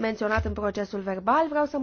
menționat în procesul verbal. Vreau să